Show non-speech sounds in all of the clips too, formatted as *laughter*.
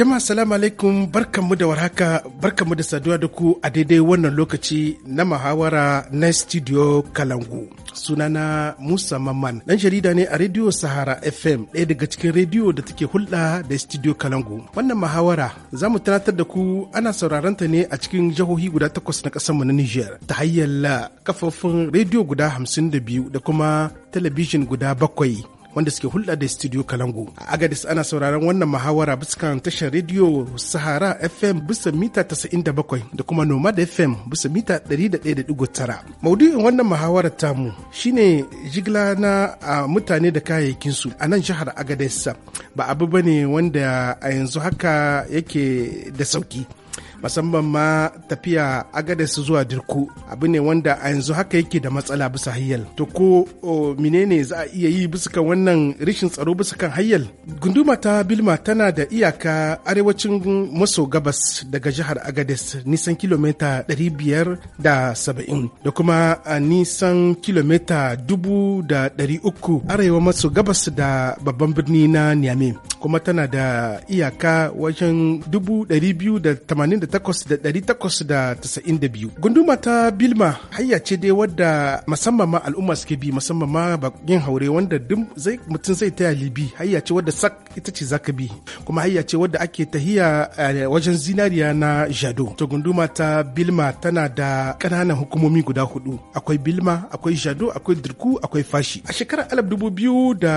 jama salamu alaikum barkanmu da warhaka barkanmu da saduwa da ku a daidai wannan lokaci na muhawara na studio Kalangu. Sunana Musa Mamman dan jarida ne a Radio Sahara FM ɗaya daga cikin rediyo da take hulɗa da studio Kalangu. Wannan muhawara za mu tunatar da ku ana sauraron ta ne a cikin jihohi guda takwas na mu na Niger ta hanyar kafofin rediyo guda hamsin da biyu da kuma talabijin guda bakwai wanda suke hulɗa da studio kalangu a agadis ana sauraron wannan muhawara biskan tashar rediyo sahara fm bisa mita 97 da kuma nomad fm bisa mita 101.9 maudu'in wannan muhawarar tamu shine jigila na a mutane da su a nan jihar agadis ba abu bane wanda a yanzu haka yake da sauki musamman ma tafiya agadas zuwa dirku abu ne wanda a yanzu haka yake da matsala bisa hayyal to ko menene za a iya yi bisa wannan rishin tsaro bisa kan hayyal gunduma ta bilma tana da iyaka arewacin maso gabas daga jihar agadas nisan kilomita 570 da kuma a nisan kilomita 300 arewa maso gabas da babban birni na niamey kuma tana da iyaka wajen biyu. gunduma ta bilma hayya ce dai wadda musamman ma al'umma suke bi musamman ma bakin haure wanda duk zai mutum zai taya libi hayya ce wadda sak ita ce zaka bi kuma hayya ce wadda ake tahiya eh, wajen zinariya na jado to gunduma ta bilma tana da ƙananan hukumomi guda hudu akwai bilma akwai jado akwai dirku akwai fashi a shekarar alaf dubu biyu da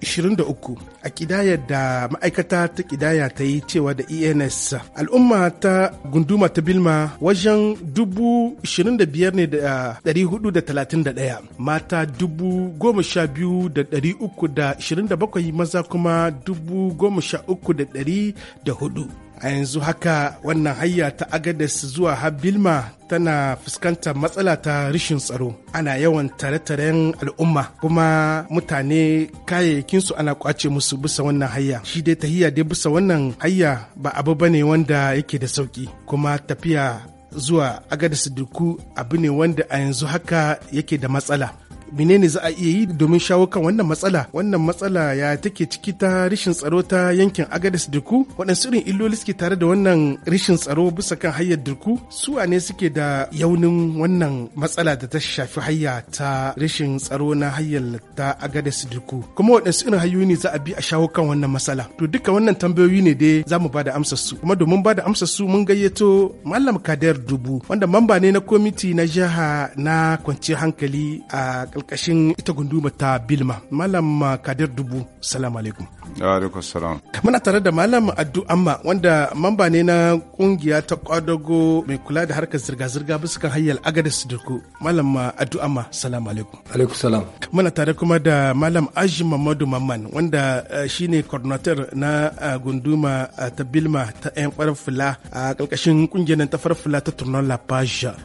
ishirin da uku a kidayar da ma'aikata ta kidaya ta yi cewa da ens al'umma ta gunduma ta Bilma wajen dubu shirin da biyar ne da dari ah, hudu da talatin da daya mata dubu goma sha biyu da dari uku da shirin da bakwai maza kuma dubu goma sha uku da dari da hudu. a yanzu haka wannan hayya ta agadas zuwa habilma tana fuskantar matsala ta rishin tsaro ana yawan tare-taren al'umma kuma mutane kayayyakinsu ana kwace musu bisa wannan hayya shi dai tahiya dai bisa wannan hayya ba abu ba ne wanda yake da sauki kuma tafiya zuwa agadas duku abu ne wanda a yanzu haka yake da matsala menene za a iya yi domin shawo kan wannan matsala wannan matsala ya take ciki ta rishin tsaro ta yankin agadis duku waɗansu irin illoli suke tare da wannan rishin tsaro bisa kan hayyar duku su ne suke da yaunin wannan matsala da ta shafi hayya ta rishin tsaro na hayar ta agadis duku kuma waɗansu irin hayoyi ne za a bi a shawo kan wannan matsala to duka wannan tambayoyi ne dai za mu ba da amsar su kuma domin bada da amsar su mun gayyato malam kader dubu wanda mamba ne na kwamiti na jiha na kwanciyar hankali a ƙarƙashin ita gunduma ta Bilma. Malam Kadir Dubu, salamu alaikum. alaikum salam muna tare da malam addu amma wanda mamba ne na kungiya ta kwadago mai kula da harkar zirga-zirga bisa kan hanyar agadis dirku malam addu amma salam alaikum alaikum salam muna tare kuma da malam aji mamadu mamman wanda eh, shine coordinator na eh, gunduma eh, ta bilma ta yan farar a ƙarƙashin kungiyar ta farfula ta turnon la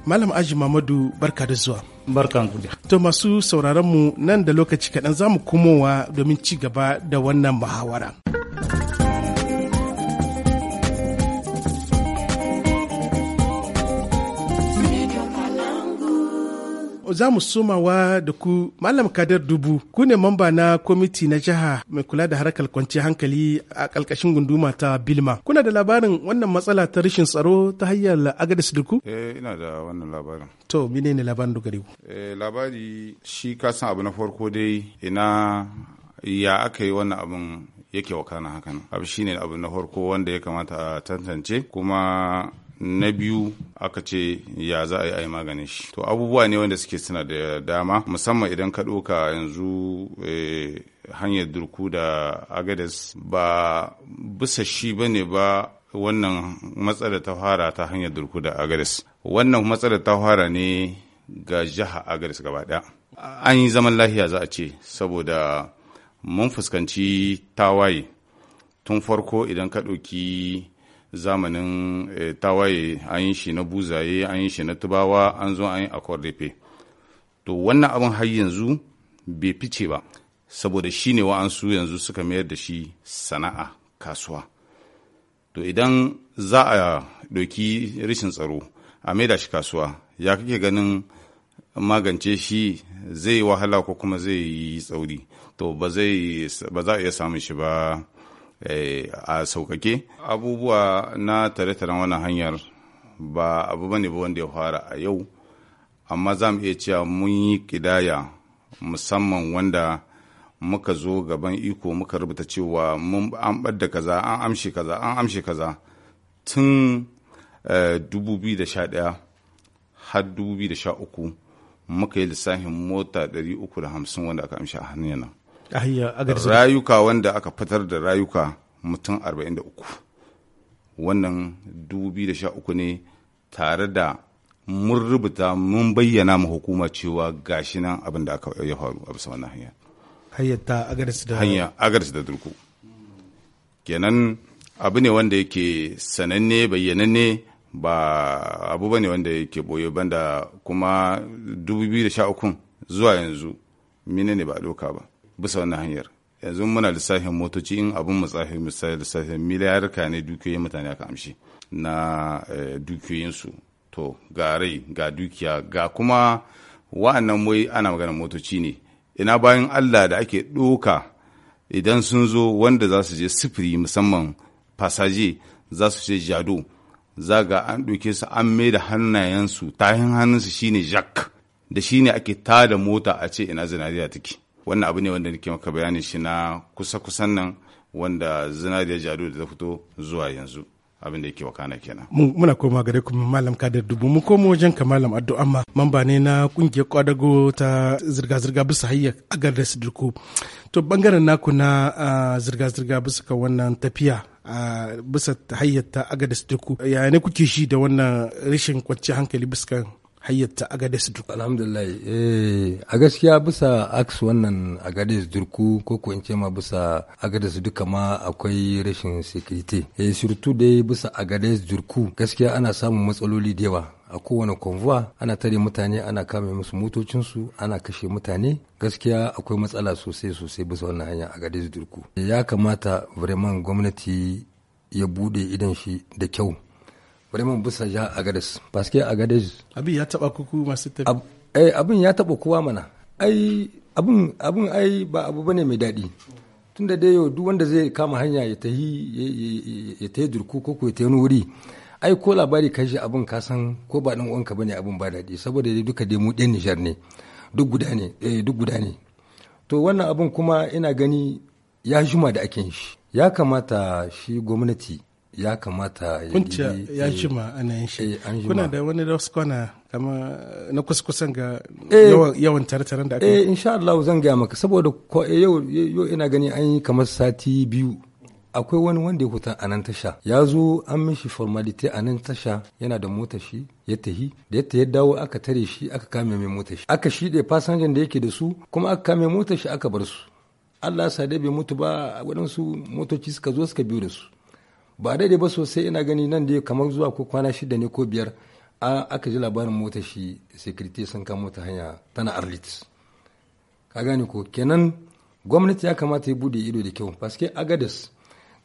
malam aji mamadu barka da zuwa barkan ku to masu sauraron mu nan da lokaci kaɗan za mu komowa domin ci gaba da wannan muhawara za mu somawa da ku malam kadar dubu ku ne mamba na kwamiti na jiha mai kula da harkar kwanci hankali a ƙarƙashin gunduma ta bilma kuna da labarin wannan matsala ta rashin tsaro ta hanyar agadis duku eh ina da wannan labarin to mine ne labarin dogare ku eh labari shi kasan abu na farko dai ina ya aka yi wannan abin yake wakana hakan abu shine abu na farko wanda ya kamata a tantance kuma na biyu aka ce ya za a yi a maganin shi to abubuwa ne wanda suke suna da dama musamman idan ka ɗauka yanzu eh, hanyar durku da agades ba bisa shi ba ne ba wannan matsalar ta fara ta hanyar durku da agades wannan matsalar ta fara ne ga jiha agades gaba ɗaya an yi zaman lahiya za a ce saboda mun fuskanci tawaye tun farko idan ka ɗauki zamanin eh, tawaye an yi shi na buzaye an yi shi na tubawa an zo an yi akordefe to wannan abin har yanzu bai fice ba saboda shi ne wa'ansu yanzu suka mayar da shi sana'a kasuwa to idan za a ɗauki rashin tsaro a maida shi kasuwa ya kake ganin magance shi zai wahala ko kuma zai yi tsauri to ba za a iya samun shi ba eh, a sauƙaƙe abubuwa na tare-taren wannan hanyar ba abu bane ba wanda ya fara a yau amma za mu iya cewa mun yi kidaya musamman wanda muka zo gaban iko muka rubuta cewa mun an ɓadda kaza an amshe kaza an amshe kaza tun 2011 eh, har 2013 muka yi lissafin mota 350 wanda aka amshi a hannun nan rayuka wanda aka fitar da rayuka mutum 43 wannan 2013 ne tare da mun rubuta mun bayyana ma hukuma cewa gashi nan abin da aka ya faru a bisa wannan hanya hayyata agaris da hanya agaris da durku kenan abu ne wanda yake sananne bayyananne ba abu bane wanda yake boye banda kuma 2013 zuwa yanzu mine ne ba doka ba bisa wannan hanyar yanzu muna lissafin motoci in abin matsafi misali lissafin miliyarka ne dukiyoyin mutane aka amshi na eh, dukiyoyinsu to ga rai ga dukiya ga kuma wa'annan wai ana magana motoci ne ina bayan allah da ake ɗoka idan sun zo wanda za su je sifiri musamman fasaje za su je jado za ga an ɗauke su an mai da hannayensu tahin hannunsu shine jack da shine ake tada mota a ce ina zinariya take wannan abu ne wanda nake maka bayani shi na kusa-kusan nan wanda zinariya jadu da ta fito zuwa yanzu abin da yake wakana kenan. Muna koma gare ku malam kadar Dubu mu koma wajen ka malam Addu amma mamba ne na kungiyar kwadago ta zirga-zirga bisa hayya a gardar Sidirku. To bangaren naku na zirga-zirga bisa ka wannan tafiya a bisa hayyar ta agada Sidirku yaya ne kuke shi da wannan rashin kwanciyar hankali bisa hayyata agades durku alhamdulillah eh a gaskiya bisa ax wannan agades durku ko ko in ce ma bisa agades duka ma akwai rashin security eh surtout dai bisa agades durku gaskiya ana samun matsaloli da yawa a kowane konvoi ana tare mutane ana kame musu motocinsu ana kashe mutane gaskiya akwai matsala sosai sosai bisa wannan hanya a gadis durku ya kamata vraiment gwamnati ya bude idan shi da kyau bremen busa ja agades que agades abin ya taba kuku masu tafi eh abin ya taba kowa mana ai abin abin ai ba abu bane mai daɗi tunda dai yau duk wanda zai kama hanya ya tahi ya tahi durku ko ko ya tahi wuri ai ko labari kai shi abin ka san ko ba dan uwanka bane abin ba daɗi saboda dai duka dai mu dan Nijar ne duk guda ne eh duk guda ne to wannan abin kuma ina gani ya juma da ake shi ya kamata shi gwamnati ya kamata ya ya ci eh, ma ana yin shi eh, kuna da wani da kwana kama na kuskusan ga eh, yawan tare da aka yi insha Allah zan gaya maka saboda yau yau ina gani an yi kamar sati biyu akwai wani wanda ya huta a nan tasha ya zo an mishi formalite a nan tasha yana da mota shi ya tahi da ya ya dawo aka tare shi aka kame mai mota shi aka shiɗe fasanjan da yake da su kuma aka kame mota shi aka bar su Allah sa dai bai mutu ba waɗansu motoci suka zo suka biyu da su ba daidai ba sosai ina gani nan dai kamar zuwa ko kwana shida ne ko biyar a aka ji labarin mota shi security sun kamo ta hanya tana arlit ka gane ko kenan gwamnati ya kamata ya bude ido da kyau paske agadas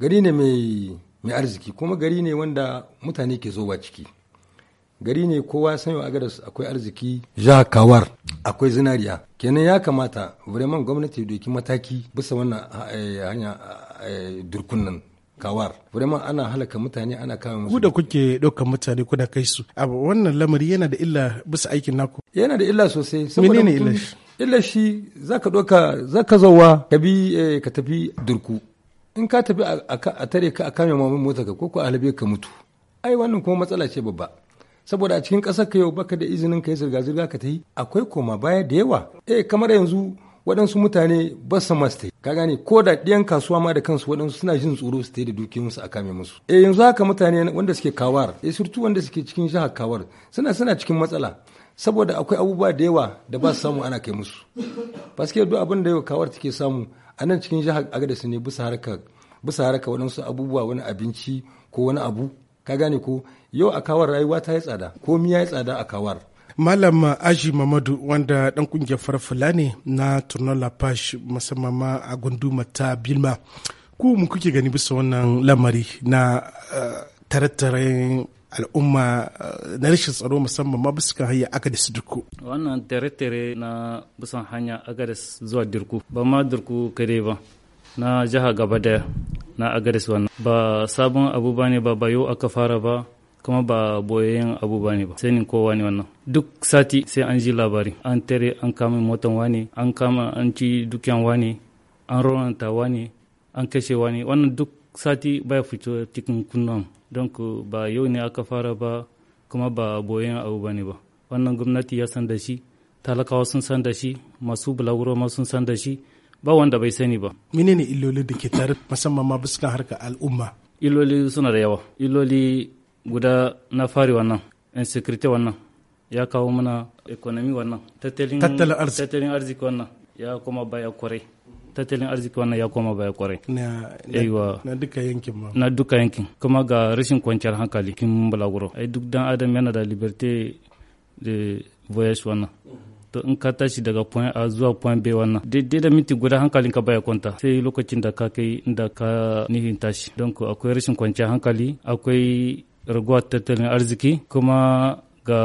gari ne mai arziki kuma gari ne wanda mutane ke zowa ciki gari ne kowa san yau agadas akwai arziki ja kawar akwai zinariya kenan ya kamata vraiment gwamnati ya doki mataki bisa wannan eh, hanya eh, durkun nan kawar vraiment ana halaka mutane ana kama musu ku da kuke ɗaukar mutane kuna kai su abu wannan lamari yana da illa bisa aikin naku yana da illa sosai menene illa shi illa shi zaka ɗauka zaka zawa ka bi eh, ka tafi durku in ka tafi a tare ka a kame mamun mota ka ko ko ka mutu ai wannan kuma matsala ce babba saboda a cikin ƙasar ka yau baka da izinin ka yi zirga-zirga ka ta yi akwai koma baya da yawa eh kamar yanzu waɗansu mutane ba su ma su ka gane ko da ɗiyan kasuwa ma da kansu waɗansu suna jin tsoro su da dukiyoyinsu a kame musu eh yanzu haka mutane wanda suke kawar e surtu wanda suke cikin jihar kawar suna suna cikin matsala saboda akwai abubuwa da yawa da ba su samu ana kai musu paske duk abin da yau kawar ke samu a nan cikin jihar su ne bisa haraka bisa waɗansu abubuwa wani abinci ko wani abu ka gane ko yau a kawar rayuwa ta yi tsada ko miya ya yi tsada a kawar Malam Aji Mamadu wanda ɗan fara farfula ne na La Lapash musamman ma a gunduma ta Bilma. Ku mu kuke gani bisa wannan lamari na eh, tare-taren al'umma eh, na rashin tsaro musamman ma bisa hanya agadis dirku wannan tare-tare na bisan hanya agadis zuwa dirku ba ma dirku kare ba na jiha gaba daya na agadis wannan ba sabon abu ba ne ba bayo aka fara ba kuma ba boyayyen abu ba ne ba ni kowa ne wannan duk sati sai an ji labari an tare an kama motan wani. an kama an ci dukiyan wani. an ronanta wani. an kashe wani wannan duk sati baya fito cikin kunnan don ba yau ne aka fara ba kuma ba boyayyen abu ba ne ba wannan gwamnati ya san da shi talakawa sun san da shi masu bulaguro ma sun san da shi ba wanda bai sani ba menene illoli da ke tare musamman ma bisa harkar al'umma illoli suna da yawa illoli guda na fari wannan insecurity wannan ya kawo mana economy wannan tattalin arziki wannan ya koma baya kwarai tattalin arziki wannan ya koma baya kwarai na duka yankin ma na duka yankin kuma ga rashin kwanciyar hankali kin balaguro ai duk dan adam yana da liberté de voyage wannan to in ka tashi daga point A zuwa point B wannan daidai da minti guda hankalin ka baya kwanta sai lokacin da ka kai inda ka nihin tashi don akwai rashin kwanciyar hankali akwai raguwar tattalin arziki kuma ga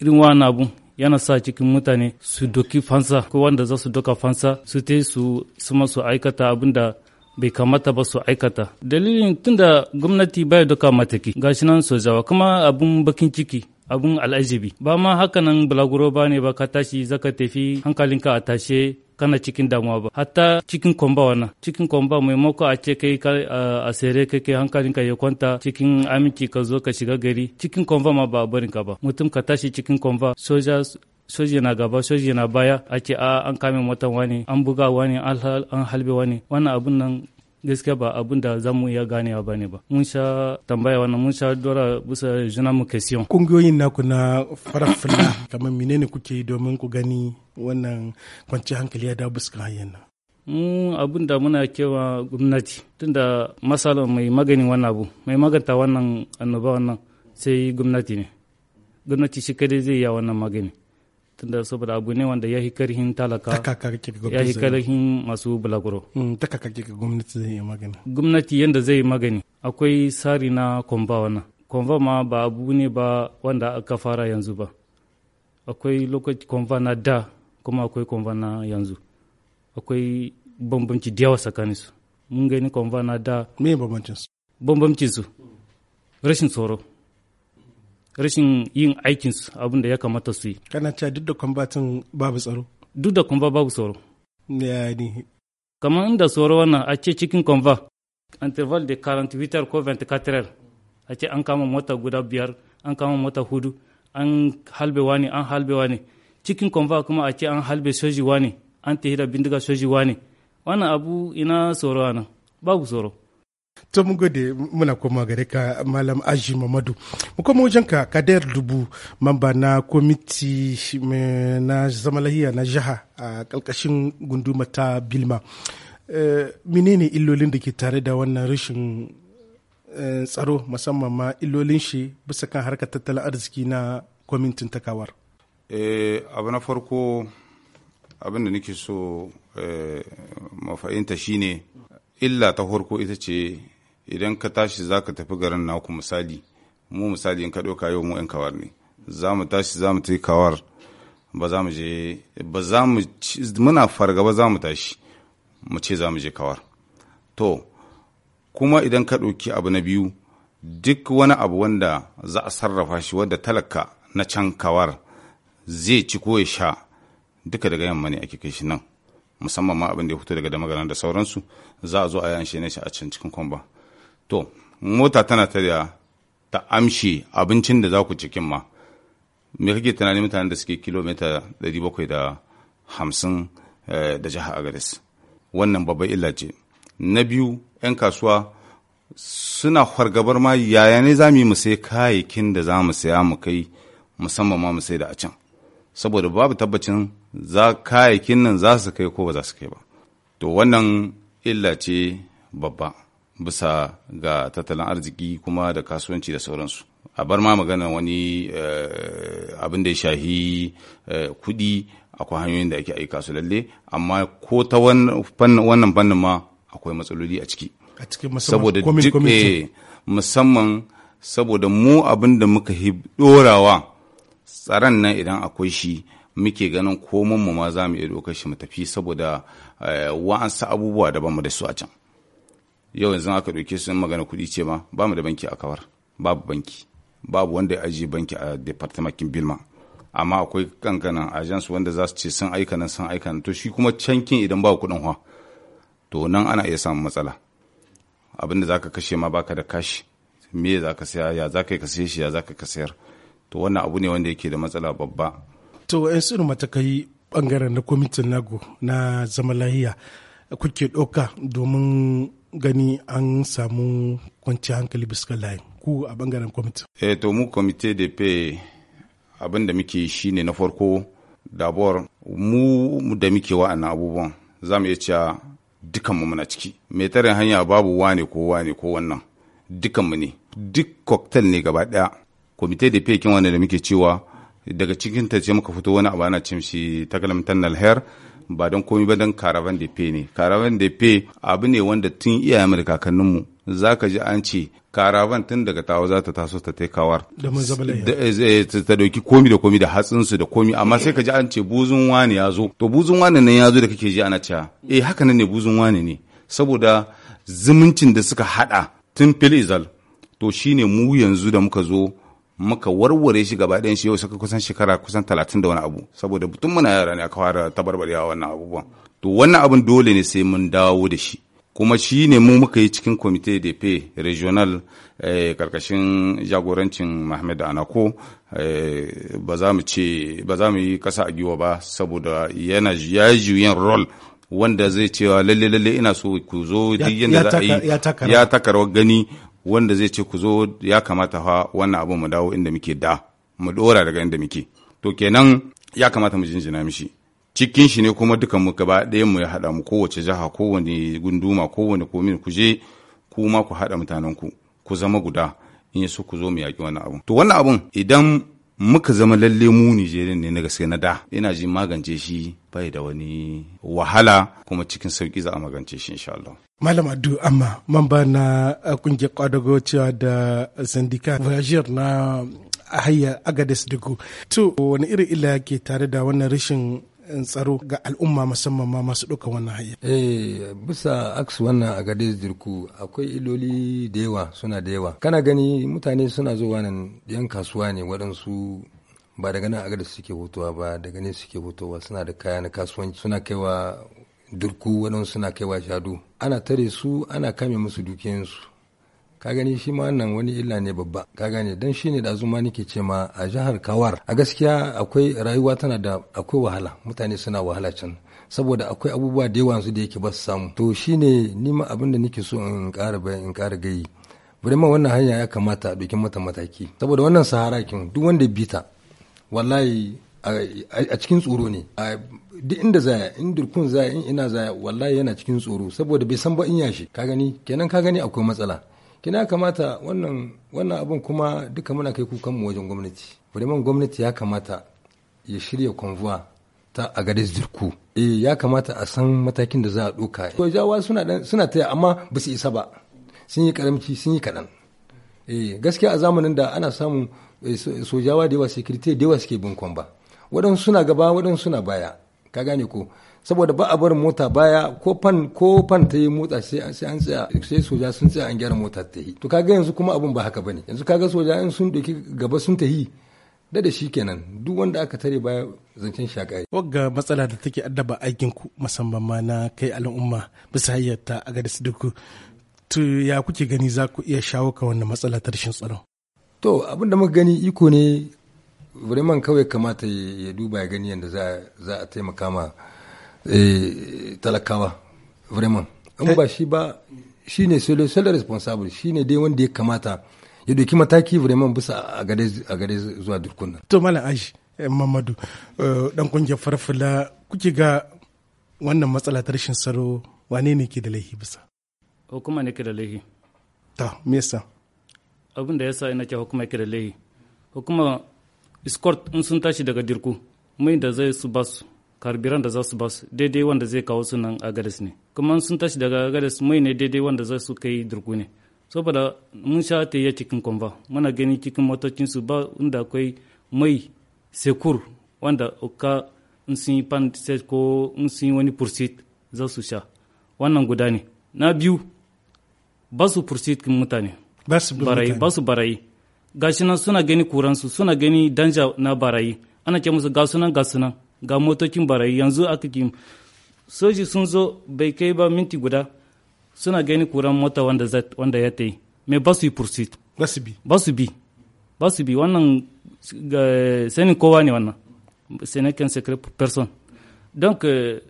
irin wani abu yana sa cikin mutane su doki fansa ko wanda za su doka fansa su te su suma su aikata abin da bai kamata ba su aikata dalilin tunda gwamnati bai doka mataki gashi nan sojawa kuma abin bakin ciki abun al'ajabi ba ma haka nan bulaguro ba ne ba ka tashi zaka tafi hankalinka a tashe kana cikin damuwa ba hatta cikin kwamba wana cikin kwamba maimako a ce kai a sere kai kai hankalinka ya kwanta cikin aminci ka zo ka shiga gari cikin kwamba ma ba a barin ka ba mutum ka tashi cikin kwamba soja soji na gaba soji na baya a ce a an kame motan wani an buga wani an halbe wani wannan abun nan gaskiya ba abin da za mu iya ganewa ba ne ba mun sha tambaya wannan mun sha dora bisa juna mu kasiyon kungiyoyin naku na farafina kamar menene kuke domin ku gani wannan kwanci hankali ya dawo buskan hanyar nan mu abin da muna kewa gwamnati tunda masala mai magani wannan abu mai maganta wannan annoba wannan sai gwamnati ne gwamnati shi kadai zai yi wannan magani tunda saboda abu ne wanda ya yi karhin talaka ya yi karhin masu bulaguro. Mm, gwamnati zai yi magani gwamnati yadda zai yi magani akwai tsari na kwamba wannan kwamba ma ba abu ne ba wanda aka fara yanzu ba akwai lokaci kwamba na da kuma akwai kwamba na yanzu akwai bambanci da yawa tsakanin su mun gani kwamba na da me bambancin su bambancin su rashin tsoro rashin yin aikin su abin da ya kamata su yi kana cewa duk da kwambatin babu tsaro duk da kwamba babu tsaro ya ni. kamar inda tsoro wannan a ce cikin kwamba interval de 48 hours ko 24 hours a ce an kama mota guda biyar an kama mota hudu an halbe wani an halbe wani cikin kwamba kuma a ce an halbe soji wani an tafi bindiga soji wani wannan abu ina tsoro nan babu tsoro to mun gode muna koma gare ka malam aji mamadu mu koma wajen ka dubu mamba na komiti na zama lahiya na jiha a kalkashin gunduma ta bilma eh, menene illolin da ke tare da wannan rashin eh, tsaro musamman ma illolin shi bisa kan harkar tattalin arziki na kwamitin takawar eh, abu na farko abin da nake so mafahimta shine illa ta farko ita ce idan ka tashi za ka tafi garin naku misali mu misali in ka ɗauka yau mu 'yan kawar ne za mu tashi za mu kawar ba za mu je ba za mu muna fargaba za mu tashi mu ce za mu je kawar to kuma idan ka ɗauki abu na biyu duk wani abu wanda za a sarrafa shi wanda talaka na can kawar zai ci ko ya sha duka daga yamma ne ake kai shi nan musamman ma abin da ya fito daga damagaran da sauransu za a zo a yi anshe shi a can cikin kwamba to mota tana ta da ta amshe abincin da za ku cikin ma me kake tunanin mutanen da suke kilomita 750 da eh, da jihar agares wannan babban illa ce na biyu 'yan kasuwa suna fargabar ma yaya ne za mu yi mu sai kayayyakin da za mu saya mu kai musamman ma mu sai da a can saboda babu tabbacin za kayayyakin nan za su kai ko ba za su kai ba to wannan illa ce babba bisa ga tattalin arziki kuma da kasuwanci da sauransu a bar ma magana wani eh, abin da ya shahi eh, kuɗi akwai hanyoyin da ake aika su lalle amma ko ta wannan fannin ma akwai matsaloli a ciki a ciki musamman saboda eh, mu abin da muka dorawa tsaron nan idan akwai shi muke ganin komin mu ma za mu iya dokar shi mu tafi saboda eh, wa'ansu abubuwa da bamu da su a can yau yanzu aka ɗauke su magana kuɗi ce ma ba mu da banki a kawar babu banki babu wanda ya ajiye banki a departamentin bilma amma akwai kankanan agents wanda za su ce sun aika nan sun aika nan to shi kuma cankin idan ba kuɗin hwa to nan ana iya samun matsala abinda zaka kashe ma baka da kashi me zaka saya ya zaka ka saye shi ya zaka ka sayar to wannan abu ne wanda yake da matsala babba to yan sirri matakai bangaren na kwamitin nago na zama lahiya kuke ɗauka domin gani an samu kwanciyar hankali bisa layin ku a bangaren kwamitin eh to mu kwamite da pe abin da muke shi ne na farko dabuwar mu da muke wa'annan abubuwan za mu iya cewa dukanmu muna ciki mai tarin hanya babu wane ko wane ko wannan dukanmu ne duk cocktail ne gaba ɗaya komite da fekin wanda da muke cewa daga cikin ta ce muka fito wani abu ana cin shi takalamtar nalher ba don komi ba don karavan da fe ne karavan da fe abu ne wanda tun iyayen da kakanninmu za ka ji an ce karavan tun daga tawa za ta taso ta taikawar eh, ta dauki komi da komi da hatsinsu da komi amma sai ka ji an ce buzun wani ya zo to buzun wani nan ya zo da kake ji ana cewa eh haka nan ne buzun wani ne saboda zumuncin da suka hada tun filizal to shine mu yanzu da muka zo muka warware shi gaba ɗayan shi yau saka kusan shekara kusan talatin da wani abu saboda mutum muna yara ne aka fara tabarbarewa wannan abubuwan to wannan abun dole ne sai mun dawo da shi kuma shi ne mu muka yi cikin comité de paix regional eh, karkashin jagorancin mahmed anako eh, ba za mu ce ba mu yi kasa a giwa ba saboda yana ya juyen rol wanda zai cewa lalle lalle ina so ku zo duk yadda za a yi ya takarwa gani wanda zai ce ku zo ya kamata fa wannan abin mu dawo inda muke da mu dora daga inda muke to kenan ya kamata mu jinjina mishi cikin shi ne kuma dukan mu gaba ɗaya mu ya haɗa mu kowace jiha kowane gunduma kowane komin ku je ku ma ku haɗa mutanen ku ku zama guda in so ku zo mu yaƙi wannan abun to wannan abun idan muka zama lalle mu Nijeriya ne na gaske na da ina ji magance shi bai da wani wahala kuma cikin sauki za a magance shi insha Allah Malam Adu Amma, mamba na eh, kungiyar kwadago cewa da sindika Voyageur na haya Agades Dugu. To, wani irin ila ke tare da wannan rashin eh, tsaro ga al'umma musamman ma masu ɗauka wannan haya Eh, bisa aks wannan Agades Dugu akwai iloli da yawa suna da yawa. Kana gani mutane suna zuwa nan yan kasuwa ne waɗansu ba daga nan Agades suke hotowa ba daga ne suke hotowa suna da kaya na kasuwanci suna kaiwa durku waɗansu suna wa shadu ana tare su ana kame musu dukiyansu ka gani shi ma wannan wani illa ne babba ka gane dan shi ne da azuma nake ce ma a jihar kawar a gaskiya akwai rayuwa tana da akwai wahala mutane suna wahala can saboda akwai abubuwa da yawa su da yake ba su samu to shine ni ma abin da nake so in ƙara in ƙara gayi ma wannan hanya ya kamata a ɗauki mata mataki saboda wannan sahara duk wanda bita wallahi a cikin tsoro ne duk inda zaya in durkun zaya in ina zaya wallahi yana cikin tsoro saboda bai san ba in yashi ka gani kenan ka gani akwai matsala kina kamata wannan wannan abun kuma duka muna kai kukan mu wajen gwamnati vraiment gwamnati ya kamata ya shirya konvoi ta a gare zirku eh ya kamata a san matakin da za a doka to jawa suna suna taya amma ba su isa ba sun yi karamci sun yi kaɗan eh gaskiya a zamanin da ana samun eh, sojawa da yawa sekirite da yawa suke bin kwamba waɗansu suna gaba waɗansu suna baya ka gane ko saboda ba a bar mota baya ko fan ko fan ta yi motsa sai an tsaya sai soja sun tsaya an gyara mota ta yi to kaga yanzu kuma abun ba haka bane yanzu kaga soja in sun doki gaba sun ta yi da da shi kenan duk wanda aka tare baya zancen shakai wagga matsala da take addaba aikin ku musamman ma na kai al'umma bisa hayyata ta a gadis duku to ya kuke gani za ku iya shawo ka wannan matsala ta rashin tsaro to abin da muka gani iko ne Vraiment kawai kamata ya duba ya gani yadda za a taimaka ma eh, talakawa. Vraiment. an ba shi ba shi ne sole responsable shi ne dai wanda ya kamata ya doki mataki vraiment bisa a gare zuwa dukkan To Malam Aji eh, Mamadu eh, dan kungiyar farfula kuke ga wannan matsala ta rashin tsaro wane ne ke da laihi bisa? Hukuma ne ke da laihi. Ta, me yasa? Abin da yasa ina ke hukuma ke da laihi. Hukuma escort in sun tashi daga dirku mai da zai su ba su karbiran da za su ba su daidai wanda zai kawo su nan agadas ne kuma sun tashi daga agadas mai ne daidai wanda za su kai dirku ne saboda mun sha ta yi cikin kwamba muna gani cikin motocin su ba inda akwai mai sekur wanda uka in sun yi pan ko in sun yi wani pursuit za su sha wannan guda ne na biyu ba su pursuit kin mutane ba su barayi gashi nan suna gani kuransu suna gani danja na barayi ana ce musu ga sunan ga sunan ga motocin barayi yanzu aka ki soji sun zo bai kai ba minti guda suna gani kuran mota wanda zat wanda ya ta yi me ba su yi pursuit ba su bi ba su bi wannan ga bi wannan sanin kowa ne wannan senekan secret person donc euh,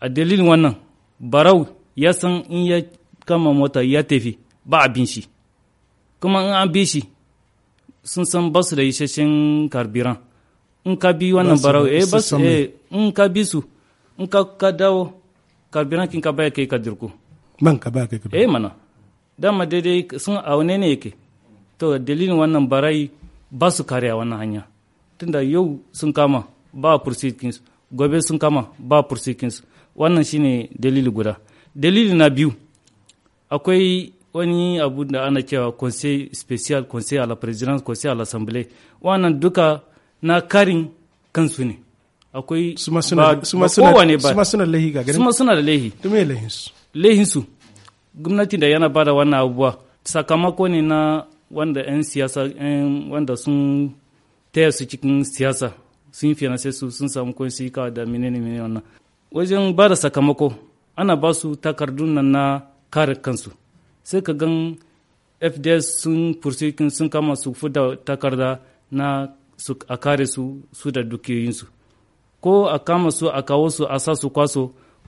a dalilin wannan barau ya san in ya kama mota ya tafi ba abin shi kuma in an bi shi sun san ba su da isasshen karbiran in ka bi wannan barau eh ba su eh, in ka bi su in ka ka dawo karbiran kin ka baya kai ka dirku man ka baya kai ka eh mana dama daidai sun aune ne yake to dalilin wannan barai ba su a wannan hanya tunda yau sun kama ba fursikinsu gobe sun kama ba fursikinsu wannan shine dalili guda dalili na biyu akwai wani abu da ana cewa conseil special conseil à la présidence conseil à l'assemblée wannan duka na karin kansu ne akwai suma ba suma ba suma suna lahi ga suma suna da lahi to me lahin su lahin su gwamnati da yana bada wannan abubuwa sakamako ne na wanda yan siyasa wanda sun taya su cikin siyasa sun finance su sun samu kun su yi kawo da menene menene wannan wajen ba da sakamako ana ba su takardun nan na kare kansu sai ka gan fds sun fursikin sun kama su fuda takarda na a kare su su da dukiyoyinsu ko a kama su a kawo su a sa su kwaso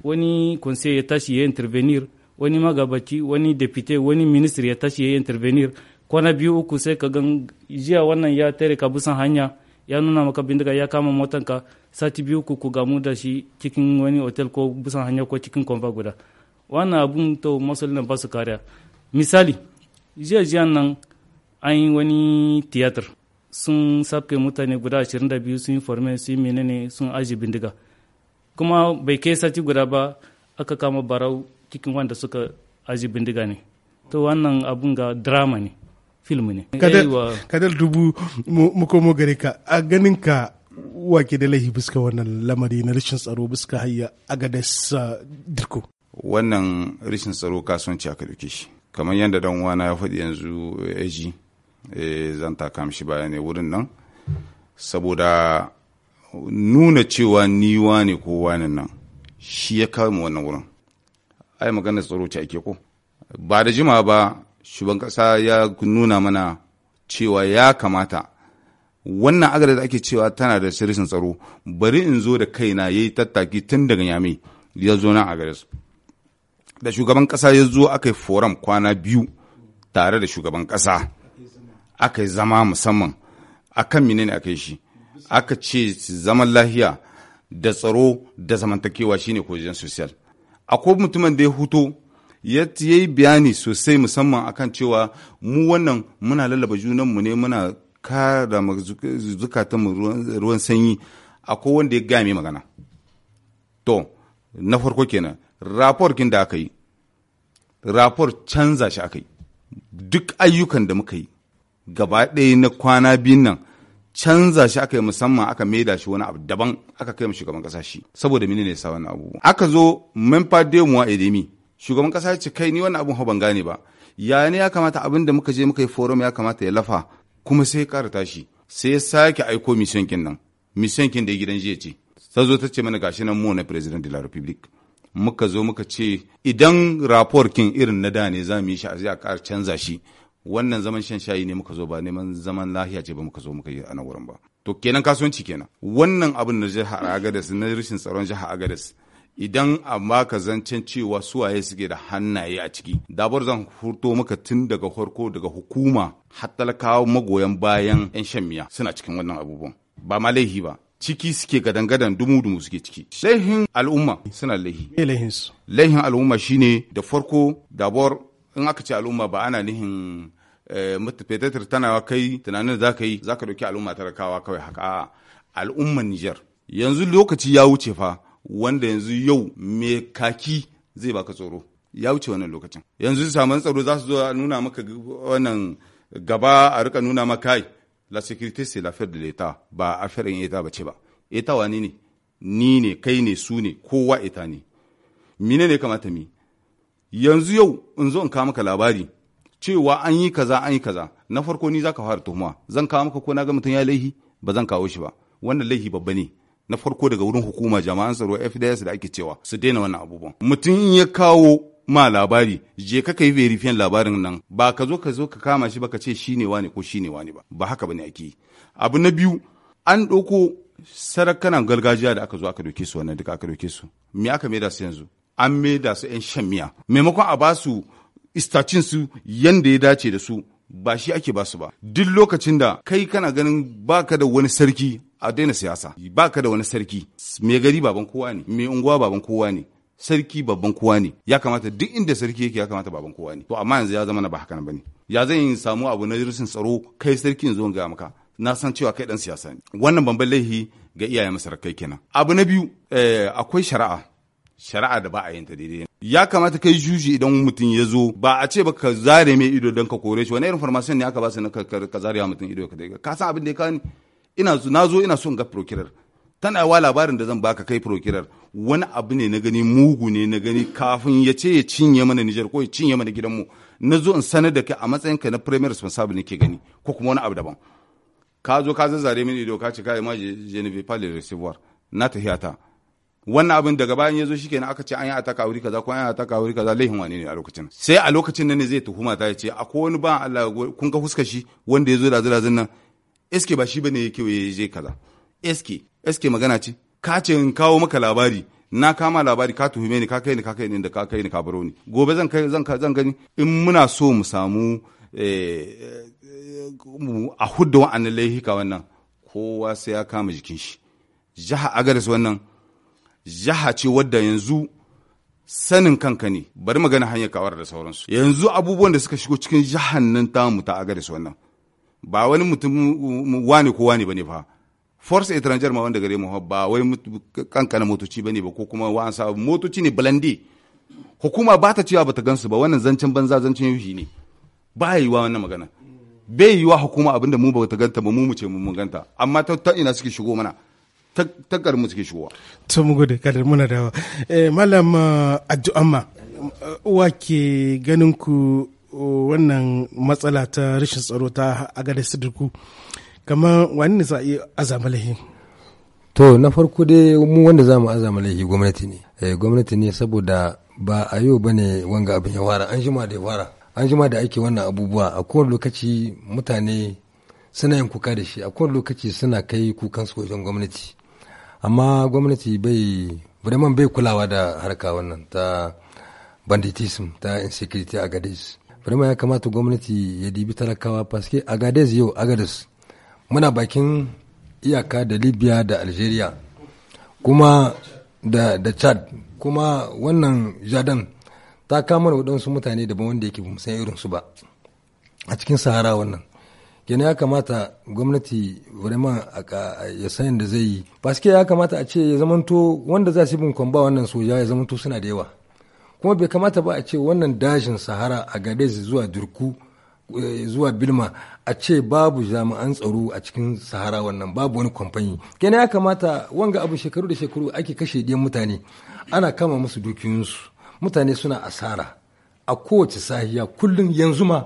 wani conseil ya tashi ya intervenir wani magabaci wani depute wani ministry ya tashi ya intervenir kwana biyu uku sai ka gan jiya wannan ya tare ka busan hanya ya nuna maka bindiga ya kama motanka sati biyu ku ku gamu da shi cikin wani hotel ko busan hanya ko cikin kwamfa guda wannan abun to masulin ba su kariya misali jiya nan an yi wani tiyatar sun sabke mutane guda 22 sun forme su yi menene sun aji bindiga kuma bai kai sati guda ba aka kama barau cikin wanda suka aji bindiga ne to wannan abun ga drama ne film ne kadar dubu mu gare ka a ganin ka wake da laifi biska wannan lamari na rashin tsaro biska hayya a gadas ah, dirko wannan rashin tsaro kasuwanci aka dauke shi kamar yadda dan wana ya faɗi yanzu aji eh, eh, zan taka mishi baya ne wurin nan saboda nuna cewa ni wane ko wani nan shi ya kawo wannan wurin ai magana tsaro ce ake ko ba da jima ba shugaban kasa ya nuna mana cewa ya kamata wannan agadar da ake cewa tana da sirisin tsaro bari in zo da kaina ya yi tattaki tun daga yami ya zo nan agadar da shugaban kasa ya zo aka yi forum kwana biyu tare da shugaban kasa aka yi zama musamman akan menene aka yi shi aka ce zaman lahiya da tsaro da zamantakewa shine cohesion social akwai mutumin da ya huto ya yi bayani sosai musamman akan cewa mu wannan muna lallaba junanmu ne muna kara zukatanmu ruwan sanyi akwai wanda ya game magana to na farko kenan raporkin da aka yi rapor canza shi aka yi duk ayyukan da muka yi gaba ɗaya na kwana biyun nan canza shi aka yi musamman aka maida shi wani abu daban aka kai mu shugaban kasa shi saboda mini ne sa abubuwa aka zo memfa demuwa edemi shugaban kasa ya ce kai ni wani abun ban gane ba ya ne ya kamata abin da muka je muka yi forum ya kamata ya lafa kuma sai ya tashi sai ya sake aiko mission kin nan mission kin da gidan jiya ce ta zo ta ce mana gashi nan mu na president de la republique muka zo muka ce idan kin irin na da ne za mu yi shi a ƙara canza shi wannan zaman shan shayi ne muka zo ba neman zaman lahiya ce ba muka zo muka yi a nan wurin ba to kenan kasuwanci kenan wannan abin na jihar agadas na rashin tsaron jihar agadas idan amma ka zancen cewa suwaye suke da hannaye a ciki dabar zan furto maka tun daga farko daga hukuma har talakawa magoyan bayan 'yan shan miya suna cikin wannan abubuwan ba ma laihi ba ciki suke gadangadan dumu-dumu suke ciki. Laihin al'umma suna laihi. Me laihin su? Laihin al'umma shine da farko dabor in aka ce al'umma ba ana nihin eh, mutafetatar tana kai tunanin da ka yi za ka ɗauki al'umma tarakawa kawai haka a al'umman Nijar. Yanzu lokaci ya wuce fa wanda yanzu yau me kaki zai baka tsoro. Ya wuce wannan lokacin. Yanzu saman tsaro za su zo a nuna maka wannan gaba a rika nuna maka kai la sécurité c'est l'affaire de l'état ba affaire en état bace ba état wani ne ni ne kai ne su ne kowa ita ne mine ne kamata mi yanzu yau in zo in kawo maka labari cewa an yi kaza an yi kaza na farko ni zaka fara tuhuma zan kawo maka ko na ga mutum ya laihi ba zan kawo shi ba wannan laihi babba ne na farko daga wurin hukuma jama'an tsaro FDS da ake cewa su daina wannan abubuwan mutum in ya kawo ma labari je ka kai verifiyan labarin nan ba ka zo ka zo ka kama shi ba ka ce shi ne wani ko shi ne wani ba ba haka bane ake abu na biyu an ɗauko sarakanan gargajiya da aka zo aka doke su wannan duka aka doke su me aka maida su yanzu an maida su yan shan miya maimakon a ba su istacin su yanda ya dace da su ba shi ake ba su ba duk lokacin da kai kana ganin baka da wani sarki a daina siyasa baka da wani sarki mai gari baban kowa ne mai unguwa baban kowa ne sarki babban kowa ne ya kamata duk inda sarki yake ya kamata baban kowa ne to amma yanzu ya zama na ba haka bane ya zan yi samu abu na jirgin tsaro kai sarki zo ga maka na san cewa kai dan siyasa ne wannan babban laihi ga iyayen masarakai kenan abu na biyu eh, akwai shari'a shari'a da ba a yin ta daidai ya kamata kai juji idan mutum ya zo ba a ce ba ka zare mai ido don ka kore shi wani irin farmasiyon ne aka ba su na ka zare mutum ido ka san abin da ya kawo ina na zo ina so in ga prokirar tana wa labarin da zan baka kai prokirar wani abu ne na gani mugu ne na gani kafin ya ce ya cinye mana Nijar ko ya cinye mana gidanmu na zo in sanar da kai a matsayin ka na premier responsible nake gani ko kuma wani abu daban ka zo ka zazzare mini ido ka ce kai ma je ne pas na ta na tahiyata wannan abin daga bayan ya zo shi kenan aka ce an yi ataka wuri kaza ko an yi ataka wuri kaza laihin wane ne a lokacin sai a lokacin nan ne zai tuhuma ta ya ce akwai wani ba Allah kun ga fuska shi wanda ya zo da zira nan eske ba shi bane yake ya je kaza eske eske magana ce ka ce in kawo maka labari na kama labari ka tuhume ni ka kai ni ka kai ni da ka kai ni ka baro ni gobe zan kai zan zan gani in muna so mu samu eh, a hudda wa'annan laihika wannan kowa sai ya kama jikin shi jaha agares wannan jaha ce wadda yanzu sanin kanka ne bari magana hanyar kawar da sauransu yanzu abubuwan da suka shigo cikin jihar nan tamu ta agares wannan ba wani mutum wane ko wane bane fa force étrangère ma wanda gare mu ba wai kankana motoci bane ba ko kuma wa sa motoci ne blandi hukuma ba ta cewa bata gansu ba wannan zancen banza zancen yuhi ne ba yi wa wannan magana bai yi wa hukuma abinda mu ba ta ganta ba mu mu ce mu ganta amma ta ina suke shigo mana ta mu suke shigowa. To mu gode kadar muna da eh, malam eh, addu'amma uwa ke ganin ku oh, wannan matsala ta rashin tsaro ta agadar sidinku. kamar wani ne za a yi azama laihi to na farko dai mu wanda za mu azama laihi gwamnati ne eh, gwamnati ne saboda ba a yau ne wanga abin ya fara an jima da ya fara an jima da ake wannan abubuwa a kowane lokaci mutane suna yin kuka da shi a kowane lokaci suna kai kukan su wajen gwamnati amma gwamnati bai Bremen bai kulawa da harka wannan ta banditism ta insecurity a Gadez. Bremen ya kamata gwamnati ya dibi talakawa paske a Gadez yau Agadez muna bakin iyaka da libya da algeria kuma da, da chad kuma wannan jadan ta kama da waɗansu mutane daban wanda yake irin irinsu ba a cikin sahara wannan kenan ya kamata gwamnati vraiment ya san da zai yi baske ya kamata a ce ya zamanto wanda za su bin ba wannan soja ya zamanto suna da yawa kuma bai kamata ba a ce wannan dajin sahara a gade zuwa durku Eh, zuwa bilma a ce babu jami'an tsaro a cikin sahara wannan babu wani kwamfani kenan ya kamata wanga abu shekaru da shekaru ake kashe ɗiyan mutane ana kama musu dukiyoyinsu mutane suna asara a kowace sahiya kullum yanzu ma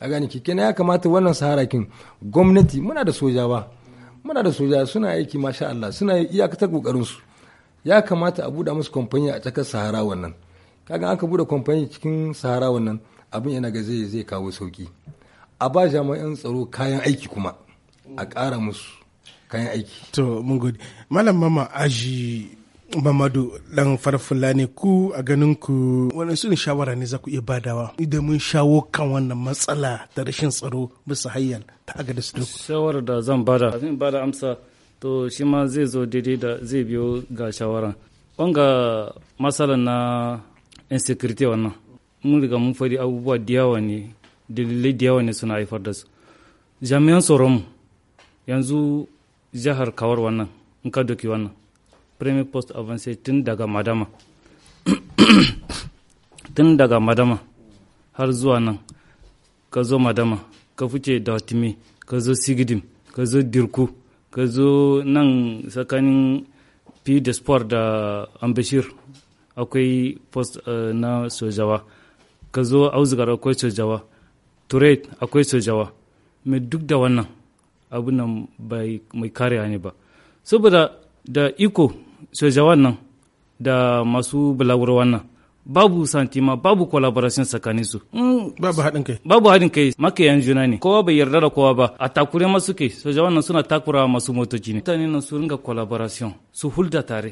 a gane ki kenan ya kamata wannan sahara kin gwamnati muna da sojawa muna da soja suna aiki masha Allah suna iyakatar kokarin su ya kamata a buɗe musu kwamfani a tsakar sahara wannan kaga aka buɗe kwamfani cikin sahara wannan abin yana ga zai zai kawo sauki a ba jami'an tsaro kayan aiki kuma a ƙara musu kayan aiki to mun gode malam mama aji mamadu dan farfula ne ku a ganin ku wani sun shawara ne za ku iya badawa idan mun shawo kan wannan matsala da rashin tsaro bisa hayyan ta agada su shawara da zan bada zan bada amsa to shi ma zai zo daidai da zai biyo ga shawara wanga matsalan na insecurity wannan mun riga mun faɗi abubuwa da yawa ne dalilai da yawa ne suna haifar da su jami'an tsaron yanzu jihar kawar wannan in ka doki wannan premier post avance tun daga madama *coughs* tun daga madama har zuwa nan ka zo madama ka fice da watimi ka zo sigidim ka zo dirku ka zo nan tsakanin p da da ambashir akwai post eh, na sojawa ka zo auzigar akwai sojawa turet akwai sojawa mai duk da wannan abunan bai mai kariya ne ba saboda da iko sojawan nan da masu bulawar wannan babu santima babu collaboration tsakanin su mm, babu haɗin kai babu haɗin kai makiyan juna ne kowa bai yarda da kowa ba a takure masu ke sojawan nan suna takura masu motoci ne mutane nan su ringa collaboration su hulda tare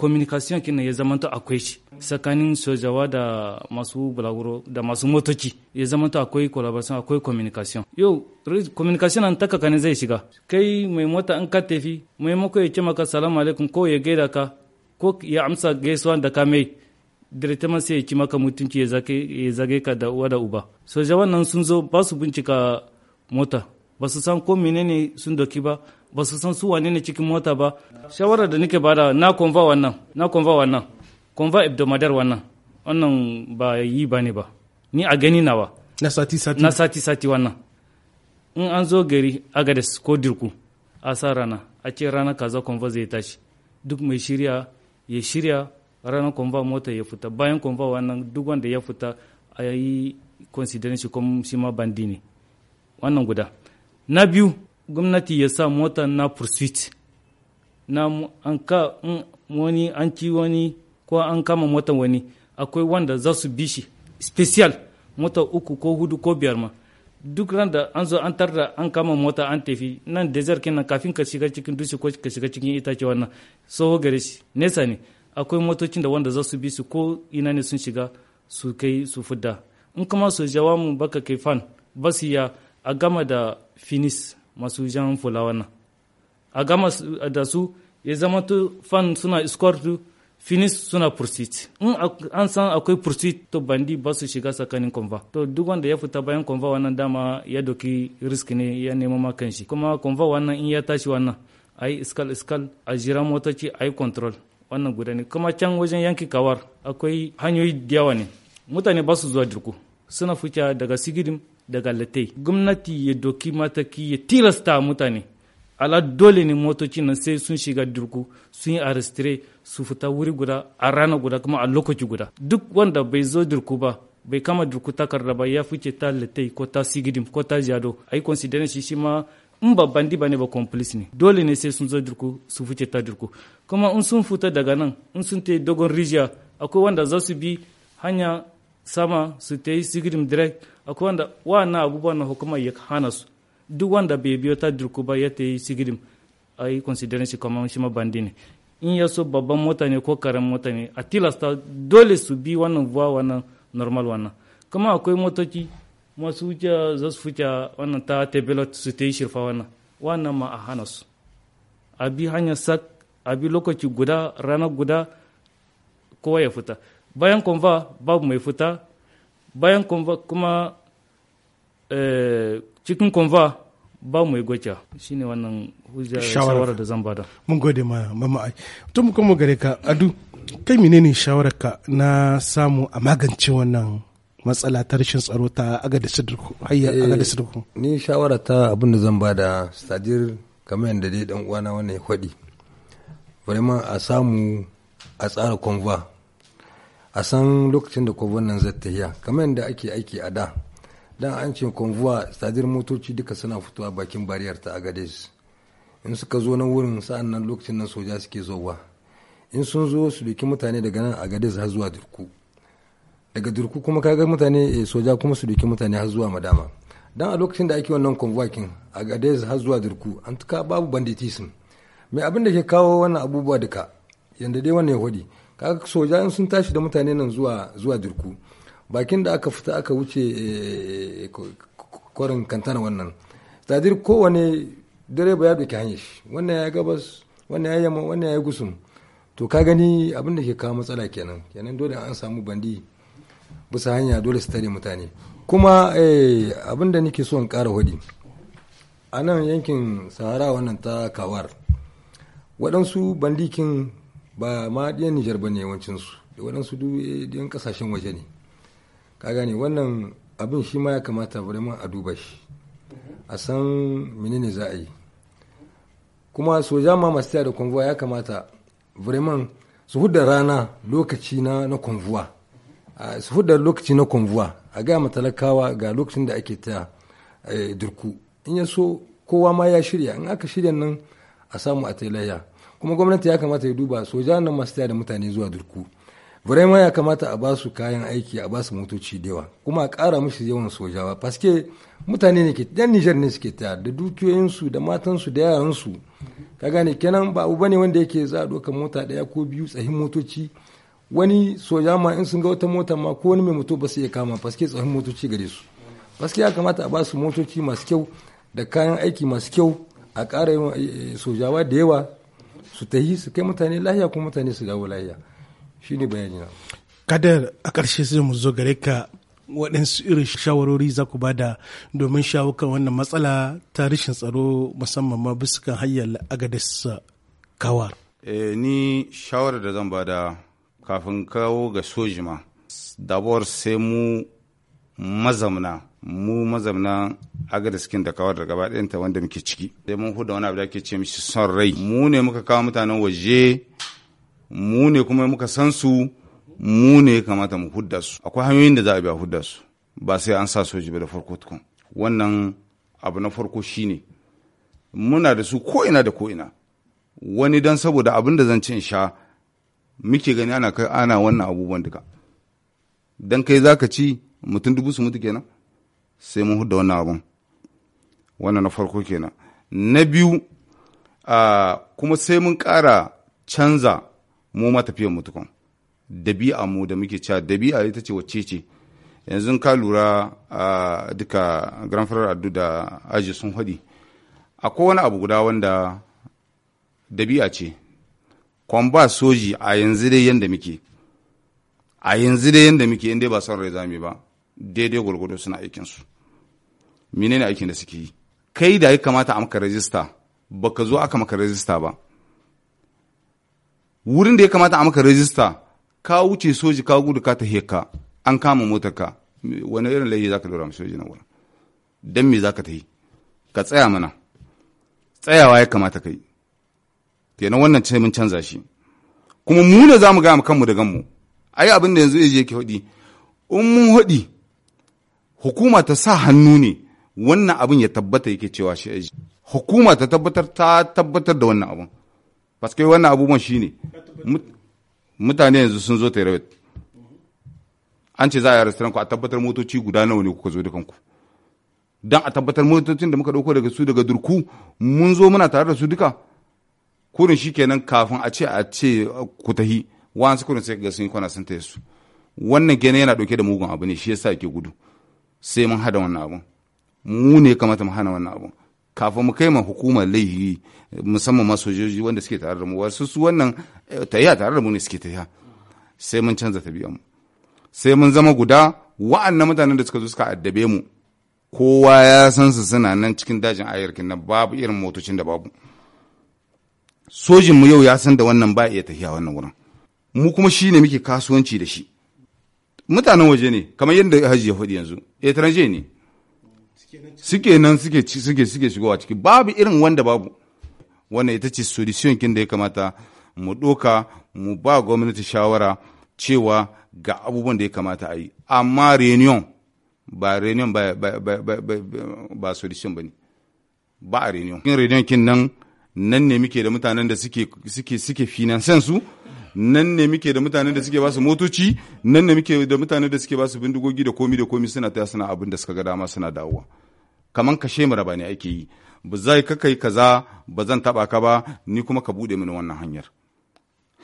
communication kin ya zamanto akwai shi tsakanin sojawa da masu bulaguro da masu motoci ya zamanto akwai collaboration akwai communication yo communication an taka kane zai shiga kai mai mota in ka tafi mako ya ce maka salamu alaikum ko ya gaida ka ko ya amsa gaisuwa da ka mai ma sai ya ci maka mutunci ya zage ka da uwa da uba sojawan nan sun zo ba su bincika mota ba su san ko menene sun doki ba ba su san su wane ne cikin mota ba shawarar da nake bada na konva wannan na konva wannan konva ibdomadar wannan wannan ba yi ba ne ba ni a gani nawa na sati sati na sati sati wannan in an zo gari agades ko dirku a sa rana a ce rana kaza konva zai tashi duk mai shirya ya shirya ranar konva mota ya fita bayan konva wannan duk wanda ya fita a yi consideration kuma shi ma bandi ne wannan guda na biyu gwamnati ya sa mota na pursuit na an ka wani an ci wani ko an kama motan wani akwai wanda za su bi shi special mota uku ko hudu ko biyar ma duk ran da an zo an tar an kama mota an tafi nan desert kenan kafin ka shiga cikin dushi ko ka shiga cikin itace wannan soho gare shi nesa ne akwai motocin da wanda za su bi su ko ina ne sun shiga su kai su fudda in kuma su jawamu baka kai fan basiya a gama da finis masu jan fula wannan a gama da su ya zama to fan suna escort finis suna pursuit in an san akwai pursuit to bandi ba su shiga tsakanin konva to duk wanda ya fita bayan konva wannan dama ya doki risk ne ya nemo ma kanshi kuma konva wannan in ya tashi wannan a yi iskal iskal a jira motoci a control wannan guda ne kuma can wajen yanki kawar akwai hanyoyi da yawa ne mutane ba su zuwa dirku suna fuka daga sigidim daga latai gwamnati ya doki mataki ya tilasta mutane ala dole ne motoci nan sai sun shiga durku sun yi arestire su fita wuri guda a rana guda kuma a lokaci guda duk wanda bai zo durku ba bai kama durku takarda ba ya fice ta latai ko ta sigidim ko ta jado a yi consideration shi shi ma in ba bandi ba ne ba complice ne dole ne sai sun zo durku su fice ta durku kuma in sun fita daga nan in sun ta dogon rijiya akwai wanda za su bi hanya sama su ta yi sigirim direk akwai wanda wana abubuwan na hukumar ya hana su duk wanda bai biyo ta durku ba ya ta yi sigirim a yi considering shi kamar shi mabandi ne in ya so babban mota ne ko karamin mota ne a tilasta dole su bi wannan buwa wannan normal wannan kuma akwai motoci masu wuce za su wuce wannan ta tabelot su ta yi shirfa wannan wannan ma a hana su a bi hanyar sak a bi lokaci guda rana guda kowa ya fita bayan konva babu mai fita bayan konva kuma eh, cikin konva babu mai gwacha ne wannan shawara da zan bada mun gode ma mama ai to mu kuma gare ka adu kai menene shawararka na samu a magance wannan matsala ta rashin tsaro ta agadis duku eh, ni shawara ta abin da zan bada sadir kamar yadda dai dan uwana wannan ya faɗi vraiment a samu a tsara konva a san lokacin da kwamvuwan nan zai tahiya kamar yadda ake aiki a da dan an ce kwamvuwa sadir motoci duka suna fitowa bakin bariyar ta agades in suka zo nan wurin sa'an nan lokacin nan soja suke zowa in sun zo su doki mutane daga nan agades har zuwa durku daga durku kuma kaga mutane eh, soja kuma su doki mutane har zuwa madama dan a lokacin da ake wannan convoying kin agades har zuwa durku an tuka babu banditism mai abin da ke kawo wannan abubuwa duka yanda dai wannan yahudi kaga sojan sun tashi da mutane nan zuwa zuwa dirku bakin da aka fita aka wuce eh, kwarin kantana wannan tadir kowane direba ya ɗauki hanyar shi wannan ya gabas wannan ya yamma wannan ya gusum to ka gani abin da ke kawo matsala kenan kenan dole an samu bandi bisa hanya dole su tare mutane kuma eh, abin da nake so in kara hudi a nan yankin sahara wannan ta kawar waɗansu bandikin ba ma ɗiyan nijar ba ne yawancinsu da waɗansu eh, ɗiyan ƙasashen waje ne ka gane wannan abin shi ma ya kamata vraiment a duba shi a san menene za a yi kuma soja ma masu da konvuwa ya kamata vraiment su hudda rana lokaci na na konvuwa su hudda lokaci na konvuwa a gaya matalakawa ga lokacin da ake ta eh, durku in ya so kowa ma ya shirya in aka shirya nan a samu a tailaya kuma gwamnati ya kamata ya duba soja nan masu da mutane zuwa durku vraiment ya kamata a basu kayan aiki a basu motoci da yawa kuma a kara musu yawan sojawa paske mutane ne ke yan Nijar ne suke ta da dukiyoyinsu da matansu da yaransu ka gane kenan ba abu bane wanda yake za a ɗaukar mota daya ko biyu tsahin motoci wani soja ma in sun ga wata mota ma ko wani mai moto ba su iya kama paske tsahin motoci gare su paske ya kamata a basu motoci masu kyau da kayan aiki masu kyau a kara yawan eh, sojawa da yawa su ta yi su kai mutane lahiya kuma mutane su dawo lahiya ne bayani na kadar a ƙarshe sai mu zo gare ka waɗansu irin shawarori za ku bada domin shawo kan wannan matsala ta rashin tsaro musamman ma bisa hanyar agadis kawar eh, ni shawarar da zan bada kafin kawo ga sojima dabuwar sai mu mazamna mu mazamna aga da da kawar da gaba ta wanda muke ciki sai mun huda wani abu da ake ce mishi son rai mu ne muka kawo mutanen waje mu ne kuma muka san su mu ne ya kamata mu hudda su akwai hanyoyin da za a biya hudda su ba sai an sa soji ba da farko tukun wannan abu na farko shine muna da su ko ina da ko ina wani dan saboda abin da zan ci in sha muke gani ana kai ana wannan abubuwan duka dan kai zaka ci mutum dubu su mutu kenan sai mun hudu wannan abin wannan na farko kenan na biyu kuma sai mun ƙara canza mu matafiyan mutukan dabi'a mu da muke cewa dabi'a ita ce wacce ce yanzu ka lura a duka granfarar addu da aji sun haɗi akwai wani abu guda wanda dabi'a ce kwan soji a yanzu dai yanda muke a yanzu dai yanda muke inda ba son rai zami ba daidai gwargwado suna aikinsu menene aikin da suke yi kai da ya kamata a maka rajista ka zo aka maka rajista ba wurin da ya kamata a maka rajista ka wuce soji ka gudu ka tahe ka an kama motar ka wani irin laifi za ka dora mu soji na wurin dan me ta yi. ka tsaya mana tsayawa ya kamata kai kenan wannan sai mun canza shi kuma mu ne mu ga mu kanmu da ganmu ai abin da yanzu yaje ke hodi in mun hodi hukuma ta sa hannu ne wannan abin ya tabbata yake cewa shi hukuma ta tabbatar ta tabbatar da wannan abin paske wannan abubuwan ne mutane yanzu sun zo tare an ce za a yi restaurant ku a tabbatar motoci guda nawa ne kuka zo dukanku don a tabbatar motocin da muka dauko daga su daga durku mun zo muna tare da su duka kurin shi kenan kafin a ce a ce ku tahi wa'ansu kurin sai ga sun yi kwana sun taya su wannan kenan yana dauke da mugun abu ne shi yasa ke gudu sai mun hada wannan abun mu ne kamata mu hana wannan abun kafin mu kai ma hukumar laifi musamman ma sojoji wanda suke tare da mu wasu su wannan eh, tayya tare da mu ne suke tayya sai mun canza tabi'an mu sai mun zama guda wa'annan mutanen da suka zo suka addabe mu kowa ya san su suna nan cikin dajin ayyarkin nan babu irin motocin da babu sojin mu yau ya san da wannan ba iya tafiya wannan wurin mu kuma shi ne muke kasuwanci da shi mutanen waje ne kamar yadda hajji ya faɗi yanzu etranje ne suke nan suke suke suke shigowa ciki babu irin wanda babu wannan ita ce solution kin da ya kamata mu doka mu ba gwamnati shawara cewa ga abubuwan da ya kamata a yi amma reunion ba reunion ba ba ba ba ba solution bane ba a reunion kin reunion kin nan nan ne muke da mutanen da suke suke suke su nan ne muke da mutane da suke ba su motoci nan ne muke da mutane da suke ba su bindigogi da komi da komi suna ta suna abin da suka ga dama suna dawowa kaman kashe mu raba ne ake yi ba zai ka kai kaza ba zan taba ka ba ni kuma ka bude mini wannan hanyar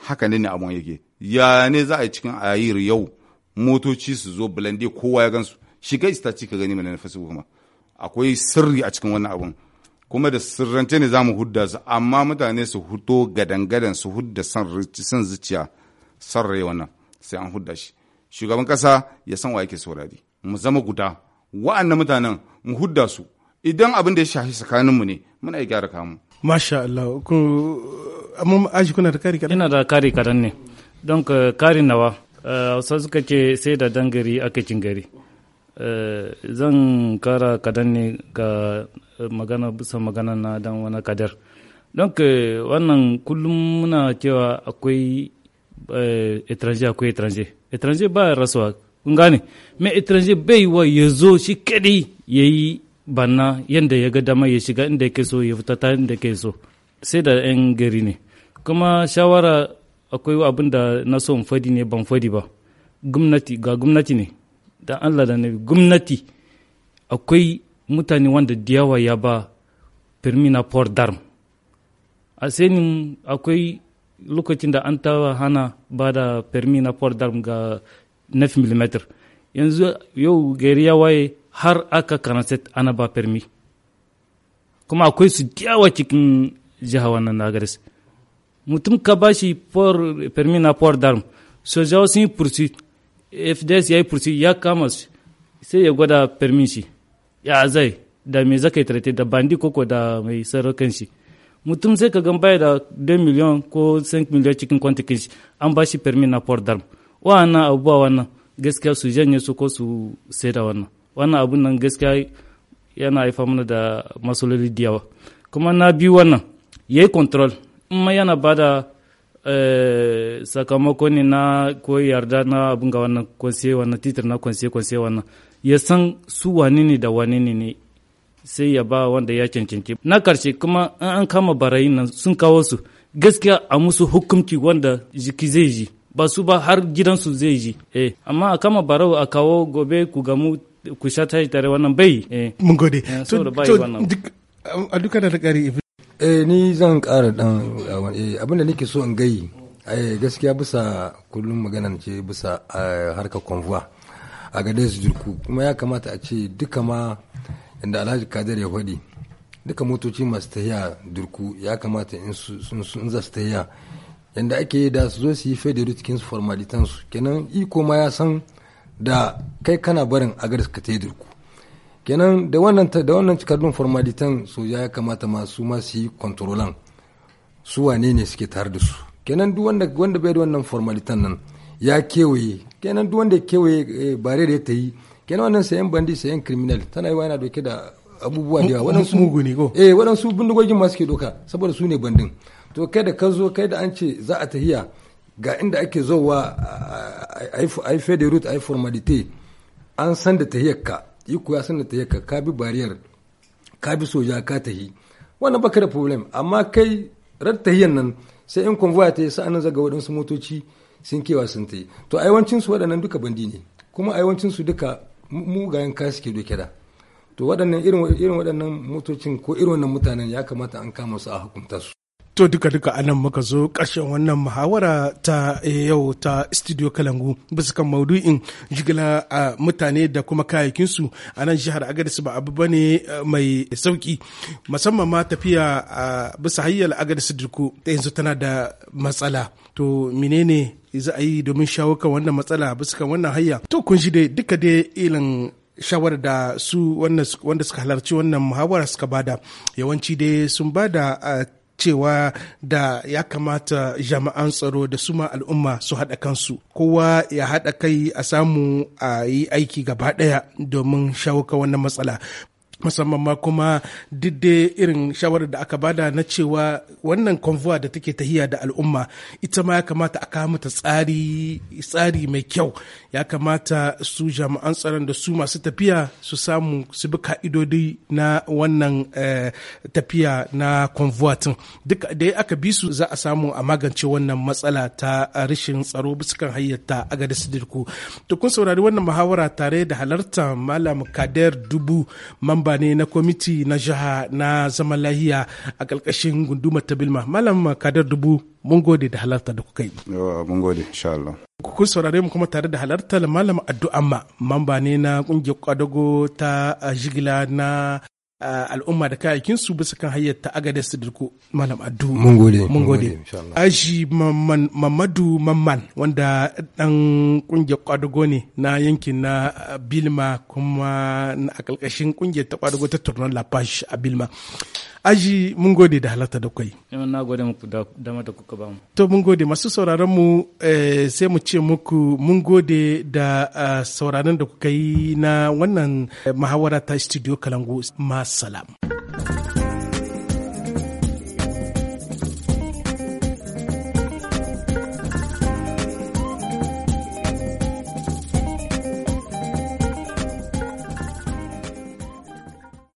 haka ne ne abun yake ya ne za a yi cikin ayir yau motoci su zo blende kowa ya gansu shiga istaci ka gani mana na facebook ma akwai sirri a cikin wannan abun kuma da sirrance ne za mu hudda su amma mutane su huto gadan-gadan su hudda san zuciya san rai wannan sai an hudda shi shugaban kasa ya san wa yake saurari mu zama guda wa'annan mutanen mu hudda su idan abin da ya shafi tsakaninmu ne muna gyara kamu masha Allah ko amma aji kuna da kari kadan ina da kari kadan ne don ka kari nawa wasu eh, suka ce sai da dangari ake cin gari eh, zan kara kadan ne ga magana bisa magana na dan wani kadar don wannan kullum muna cewa akwai eh, etranje akwai etranje etranje ba rasuwa kun gane mai etranje bai wa ya zo shi kadai ya yi banna yadda ya ga dama ya shiga inda yake so ya fita ta inda yake so sai da yan gari ne kuma shawara akwai abin da na so fadi ne ban fadi ba gwamnati ga gwamnati ne da Allah da nabi gwamnati akwai mutane wanda da yawa ya ba firmi na port darm a sanin akwai lokacin da an tawa hana ba da firmi na port darm ga 9 mm yanzu yau gari ya waye har aka kanaset ana ba firmi kuma akwai su yawa cikin jiha wannan nagaris mutum ka ba shi firmi na port darm jawo sun yi fds ya yi ya kama sai ya gwada firmin shi ya zai da me zaka yi da bandi koko da mai sarrakan shi mutum sai ka gan baya da 2 miliyan ko 5 miliyan cikin kwantikin shi an ba shi permi na port darm wannan abubuwa wannan gaskiya su janye su ko su sai da wannan wannan abun nan gaskiya yana haifa mana da masololi da yawa kuma na biyu wannan ya yi control in ma yana ba da eh, sakamako ne na ko yarda na abun ga wannan kwanse wannan titir na kwanse kwanse wannan ya san su wani ne da wani ne sai ya ba wanda ya cancanci na karshe kuma an kama barayin nan sun kawo su gaskiya a musu hukunci wanda jiki zai ji ba su ba har gidansu zai ji eh amma a kama barau a kawo gobe ku gamu ku sha tashi tare wannan bai eh mun gode eh, to a duka da kare eh ni zan kara dan eh, abinda nake so in gayi eh, gaskiya bisa kullum maganan ce bisa harkar konvuwa a dai su jirku kuma ya kamata a ce duka ma inda alhaji kadir ya faɗi duka motoci masu tahiya jirku ya kamata in sun za su tahiya yanda ake yi da su zo su yi federo su formalitan su kenan iko ma ya san da kai kana barin agar ka tahi jirku kenan da wannan da wannan cikardun formalitan soja ya kamata ma su ma su yi kontrolan su wane ne suke tare da su kenan duk wanda wanda bai da wannan formalitan nan ya kewaye kenan duk wanda kewaye eh, bare da ta yi kenan wannan sayan bandi sayan criminal tana yi wa yana dauke da abubuwa da yawa waɗansu muguni ko eh waɗansu bindigogin masu ke doka saboda su ne bandin to kai da ka zo kai da an ce za a tahiya ga inda ake zowa a yi root a yi formalite an san da tahiyar ka yi kuwa san da tahiyar ka ka bi bariyar ka bi soja ka tahi wannan baka da problem amma kai rar tahiyar nan sai in convoy ta yi nan zaga waɗansu motoci sun kewa sun ta yi to aiwancin su waɗannan duka bandi ne kuma aiwancin su duka mugayen kaya ke doke da to waɗannan irin waɗannan motocin ko irin wannan mutanen ya kamata an kama su a hukunta su To duka-duka anan muka zo ƙarshen wannan muhawara ta eh, yau ta studio Kalangu bisa kan maudu'in jigila a mutane da kuma kayayyakin su a nan jihar Agadis ba abu bane eh, mai sauki musamman ma tafiya a bisa hayyar Agadis duku yanzu tana da matsala. to menene za a yi domin shawo kan wannan matsala bisa kan wannan hayya to kun shi dai duka dai ilin shawarar da su wanda suka halarci wannan muhawara suka bada yawanci dai sun bada cewa da ya kamata jama'an tsaro da suma al'umma su haɗa kansu kowa ya haɗa kai a samu a yi aiki gaba ɗaya domin shawo kan wannan matsala musamman ma kuma didde irin shawarar da aka bada na cewa wannan konvuwa da take tahiya da al'umma ita ma ya kamata a kawo mata tsari tsari mai kyau ya kamata su jami'an tsaron da su masu tafiya su samu su bi ka'idodi na wannan eh, tafiya na konvuwa tun duk da aka bi su za a samu a magance wannan matsala ta rashin tsaro bisa hayyata a gada sidirku to kun saurari wannan muhawara tare da halarta malam kader dubu mamba mamba ne na kwamiti na jiha na zaman lahiya a ƙarƙashin gundumar ta bilma malam kadar dubu mun gode da halarta da kuka yi mun gode insha Allah saurare mu kuma tare da halartar malam addu'amma mamba ne na ƙungiyar kwadago ta jigila na al'umma da kayayyakin su bisa kan hayyar ta agadas da ko malam addu mun gode mun aji mamadu mamman wanda dan kungiyar kwadugo ne na yankin na bilma kuma na kalkashin kungiyar ta kwadugo ta turnar lafash a bilma aji mun gode da halatta da kwai. Na gode muku da dama da kuka bamu. To mun gode masu sauraron mu eh, sai mu ce muku mun gode da eh, sauraron da kuka yi na wannan eh, mahawara ta studio Kalangu ma salam.